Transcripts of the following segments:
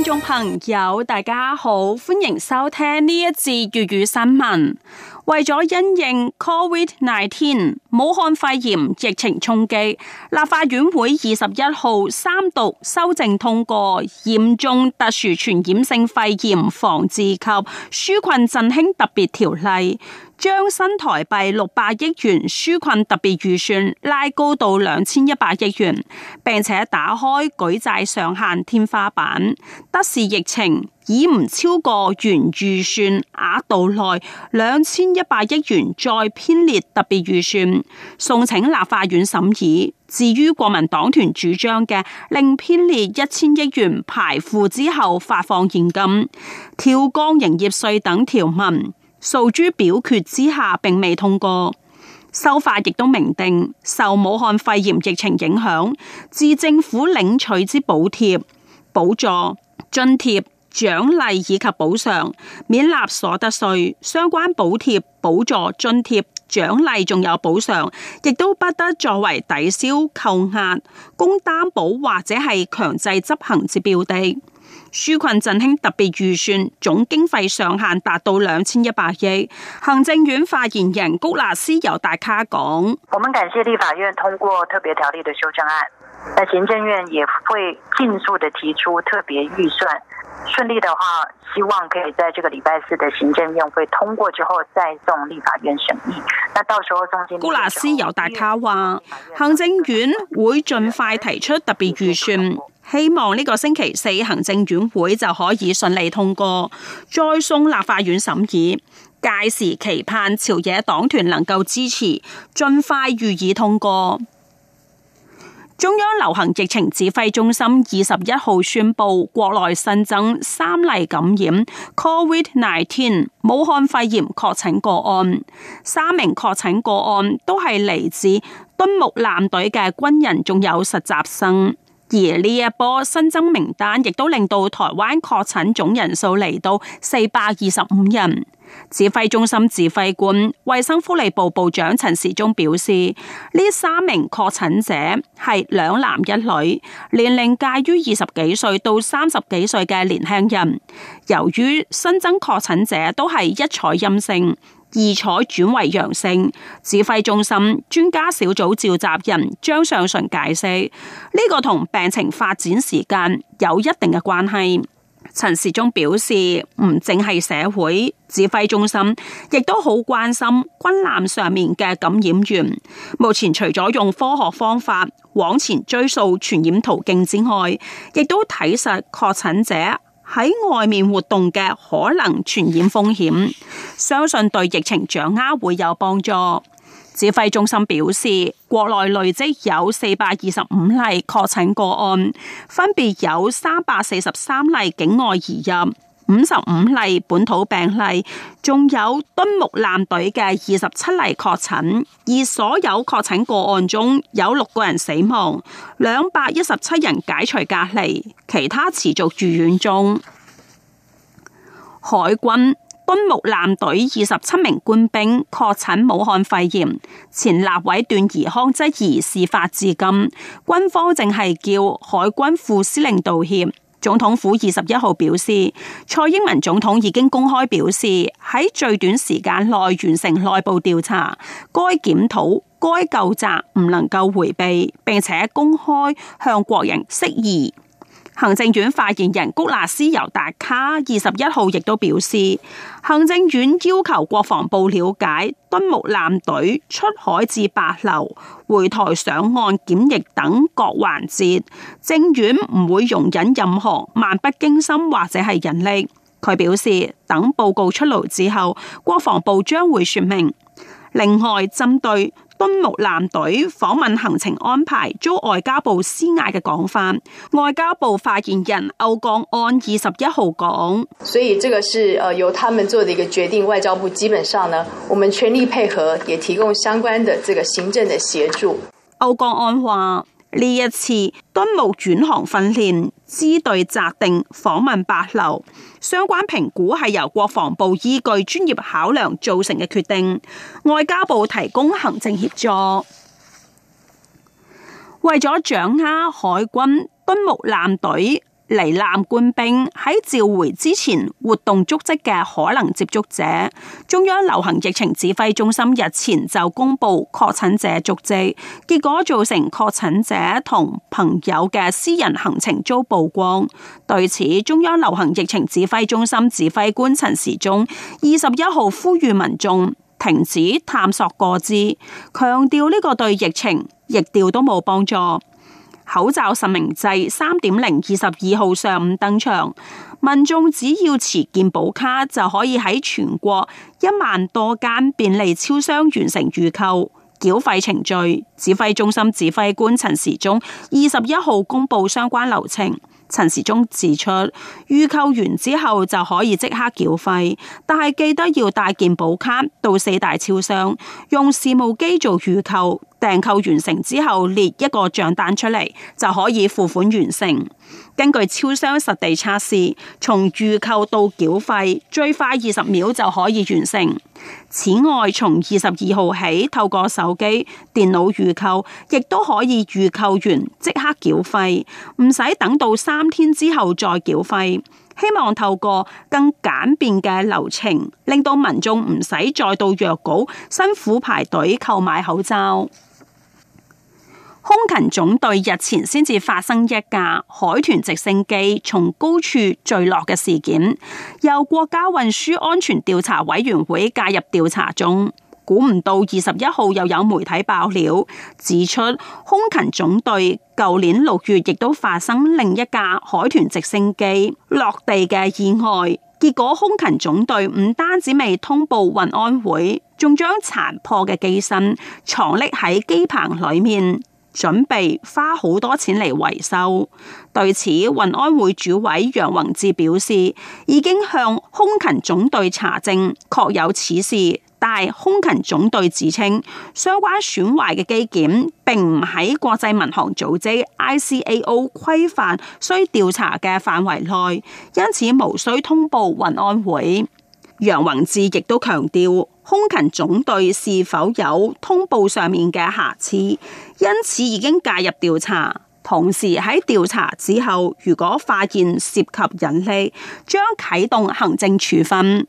觀眾朋友，大家好，歡迎收聽呢一節粵語新聞。為咗因應 Covid nineteen。19武漢肺炎疫情衝擊，立法院會二十一號三讀修正通過《嚴重特殊傳染性肺炎防治及紓困振興特別條例》，將新台幣六百億元紓困特別預算拉高到兩千一百億元，並且打開舉債上限天花板。得是疫情已唔超過原預算額度內兩千一百億元，再編列特別預算。送請立法院審議。至於國民黨團主張嘅另編列一千億元排庫之後發放現金、跳光營業稅等條文，訴諸表決之下並未通過。修法亦都明定，受武漢肺炎疫情影響，自政府領取之補貼、補助、津貼、獎勵以及補償免納所得稅、相關補貼、補助、津貼、獎勵，仲有補償，亦都不得作為抵消、扣押、供擔保或者係強制執行之標的。紓困振興特別預算總經費上限達到兩千一百億。行政院發言人谷納斯有大咖講：我們感謝立法院通過特別條例的修正案，那行政院也會盡速的提出特別預算。順利的話，希望可以在這個禮拜四嘅行政院會通過之後，再送立法院審議。那到時候中間，谷辣斯尤達卡話，行政院會儘快提出特別預算，希望呢個星期四行政院會就可以順利通過，再送立法院審議。屆時期盼朝野黨團能夠支持，儘快予以通過。中央流行疫情指揮中心二十一號宣布，國內新增三例感染 COVID-19 武漢肺炎確診個案，三名確診個案都係嚟自敦睦艦隊嘅軍人，仲有實習生。而呢一波新增名單亦都令到台灣確診總人數嚟到四百二十五人。指揮中心指揮官、衛生福利部部長陳時中表示，呢三名確診者係兩男一女，年齡介於二十幾歲到三十幾歲嘅年輕人。由於新增確診者都係一採陰性，二採轉為陽性，指揮中心專家小組召集人張上淳解釋，呢、這個同病情發展時間有一定嘅關係。陳時中表示，唔淨係社會指揮中心，亦都好關心軍艦上面嘅感染源。目前除咗用科學方法往前追溯傳染途徑之外，亦都睇實確診者喺外面活動嘅可能傳染風險，相信對疫情掌握會有幫助。指揮中心表示，國內累積有四百二十五例確診個案，分別有三百四十三例境外移入，五十五例本土病例，仲有敦睦艦隊嘅二十七例確診。而所有確診個案中有六個人死亡，兩百一十七人解除隔離，其他持續住院中。海軍。敦睦艦隊二十七名官兵確診武漢肺炎，前立委段宜康質疑事發至今，軍方淨係叫海軍副司令道歉。總統府二十一號表示，蔡英文總統已經公開表示，喺最短時間內完成內部調查，該檢討、該究責唔能夠回避，並且公開向國人釋疑。行政院發言人谷納斯尤達卡二十一號亦都表示，行政院要求國防部了解敦睦艦隊出海至帛琉、回台上岸檢疫等各環節，政院唔會容忍任何漫不經心或者係人力。佢表示，等報告出爐之後，國防部將會說明。另外，針對敦睦艦隊訪問行程安排遭外交部施壓嘅講法，外交部發言人歐江安二十一號講，所以這個是由他們做的一個決定，外交部基本上呢，我們全力配合，也提供相關的這個行政的協助。歐江安話。呢一次敦睦轉航訓練支隊擇定訪問帛琉，相關評估係由國防部依據專業考量做成嘅決定，外交部提供行政協助，為咗掌握海軍敦睦艦隊。罹難官兵喺召回之前活動足跡嘅可能接觸者，中央流行疫情指揮中心日前就公布確診者足跡，結果造成確診者同朋友嘅私人行程遭曝光。對此，中央流行疫情指揮中心指揮官陳時中二十一號呼籲民眾停止探索個資，強調呢個對疫情疫調都冇幫助。口罩實名制3.0二十二號上午登場，民眾只要持健保卡就可以喺全國一萬多間便利超商完成預購繳費程序。指揮中心指揮官陳時中二十一號公布相關流程。陳時中指出，預購完之後就可以即刻繳費，但係記得要帶健保卡到四大超商用事務機做預購。訂購完成之後列一個賬單出嚟就可以付款完成。根據超商實地測試，從預購到繳費最快二十秒就可以完成。此外，從二十二號起透過手機、電腦預購，亦都可以預購完即刻繳費，唔使等到三天之後再繳費。希望透過更簡便嘅流程，令到民眾唔使再到藥局、辛苦排隊購買口罩。空勤總隊日前先至發生一架海豚直升機從高處墜落嘅事件，由國家運輸安全調查委員會介入調查中。估唔到二十一號又有媒體爆料指出，空勤總隊舊年六月亦都發生另一架海豚直升機落地嘅意外。結果，空勤總隊唔單止未通報運安會，仲將殘破嘅機身藏匿喺機棚裏面。準備花好多錢嚟維修。對此，運安會主委楊宏志表示，已經向空勤總隊查證，確有此事。但空勤總隊指稱，相關損壞嘅機件，並唔喺國際民航組織 ICAO 規範需調查嘅範圍內，因此無需通報運安會。楊宏志亦都強調，空勤總隊是否有通報上面嘅瑕疵，因此已經介入調查。同時喺調查之後，如果發現涉及隱匿，將啟動行政處分。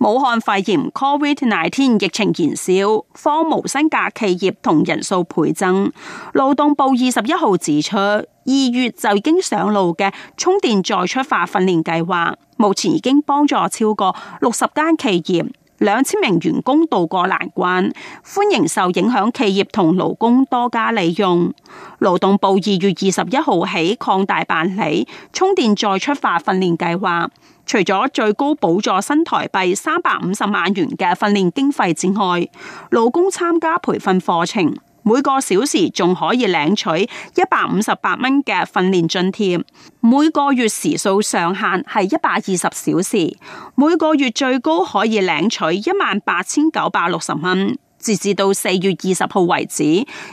武漢肺炎 （COVID-19） 疫情延燒，放無薪假企業同人數倍增。勞動部二十一號指出，二月就已經上路嘅充電再出發訓練計劃，目前已經幫助超過六十間企業兩千名員工渡過難關，歡迎受影響企業同勞工多加利用。勞動部二月二十一號起擴大辦理充電再出發訓練計劃，除咗最高補助新台幣三百五十萬元嘅訓練經費之外，勞工參加培訓課程，每個小時仲可以領取一百五十八蚊嘅訓練津貼，每個月時數上限係一百二十小時，每個月最高可以領取一萬八千九百六十蚊。截至到四月二十號為止，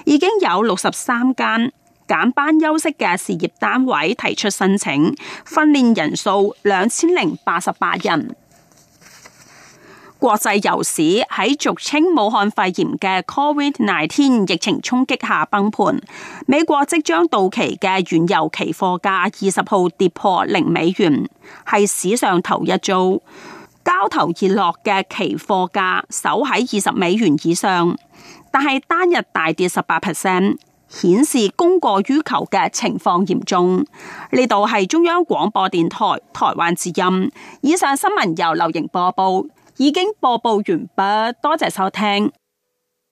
已經有六十三間減班休息嘅事業單位提出申請，訓練人數兩千零八十八人。國際油市喺俗稱武漢肺炎嘅 Covid nineteen 疫情衝擊下崩盤。美國即將到期嘅原油期貨價二十號跌破零美元，係史上頭一遭。交投熱絡嘅期貨價守喺二十美元以上，但係單日大跌十八 percent，顯示供過於求嘅情況嚴重。呢度係中央廣播電台台灣之音。以上新聞由流瑩播報。已經播報完畢，多謝收聽。